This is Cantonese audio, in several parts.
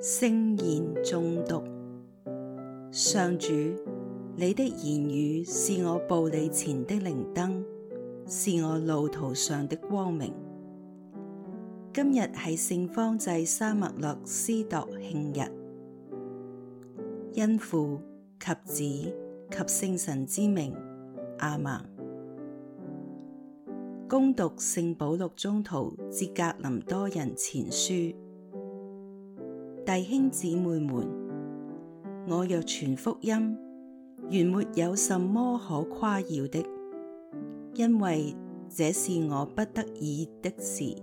聖言誦讀。上主，你的言語是我步履前的靈燈，是我路途上的光明。今日係聖方濟沙勿略司鐸慶日，因父及子及聖神之名，阿門。恭讀聖保祿宗徒致格林多人前書。弟兄姊妹們，我若傳福音，原沒有什麼可誇耀的，因為這是我不得已的事。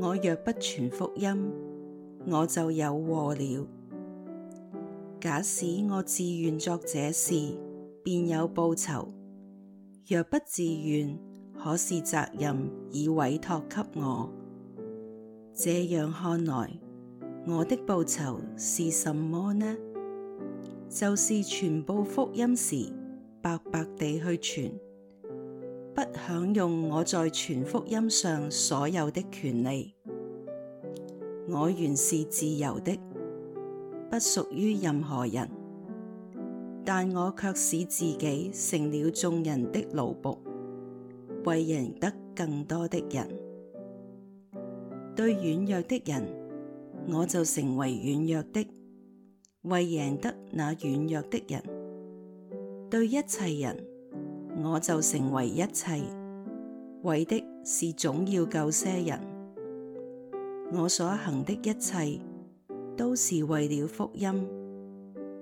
我若不傳福音，我就有禍了。假使我自願作這事，便有報酬；若不自願，可是責任已委託給我。這樣看來，我的報酬是什麼呢？就是傳布福音時白白地去傳，不享用我在傳福音上所有的權利。我原是自由的，不屬於任何人，但我卻使自己成了眾人的奴僕，為贏得更多的人，對軟弱的人。我就成為軟弱的，為贏得那軟弱的人；對一切人，我就成為一切，為的是總要救些人。我所行的一切，都是為了福音，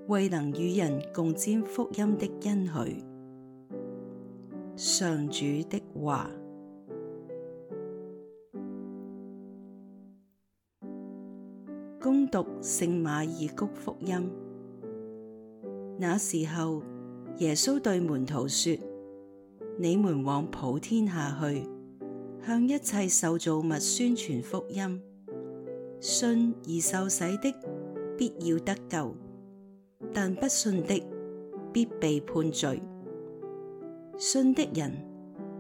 為能與人共沾福音的恩許。上主的話。恭讀聖馬爾谷福音，那時候耶穌對門徒說：你們往普天下去，向一切受造物宣傳福音。信而受洗的，必要得救；但不信的，必被判罪。信的人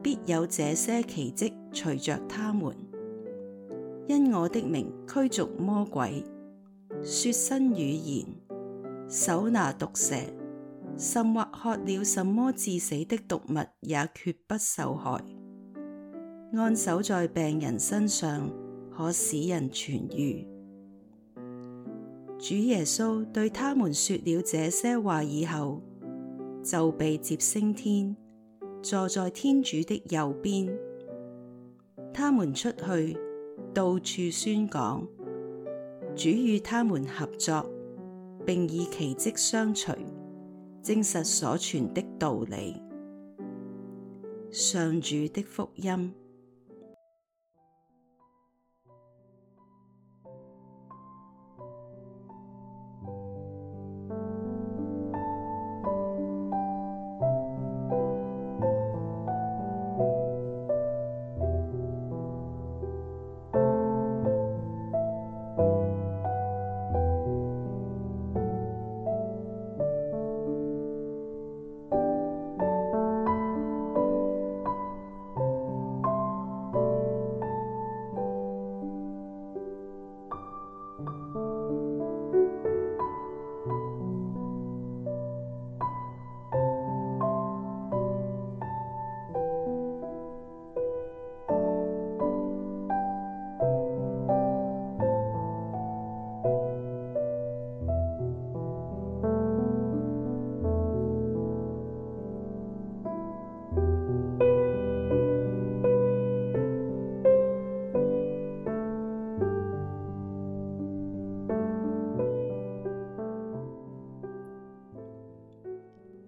必有這些奇跡隨着他們。因我的名驅逐魔鬼，說新語言，手拿毒蛇，甚或喝了什麼致死的毒物，也絕不受害。按手在病人身上，可使人痊愈。主耶穌對他們說了這些話以後，就被接升天，坐在天主的右邊。他們出去。到處宣講，主與他們合作，並以奇蹟相隨，證實所傳的道理，上主的福音。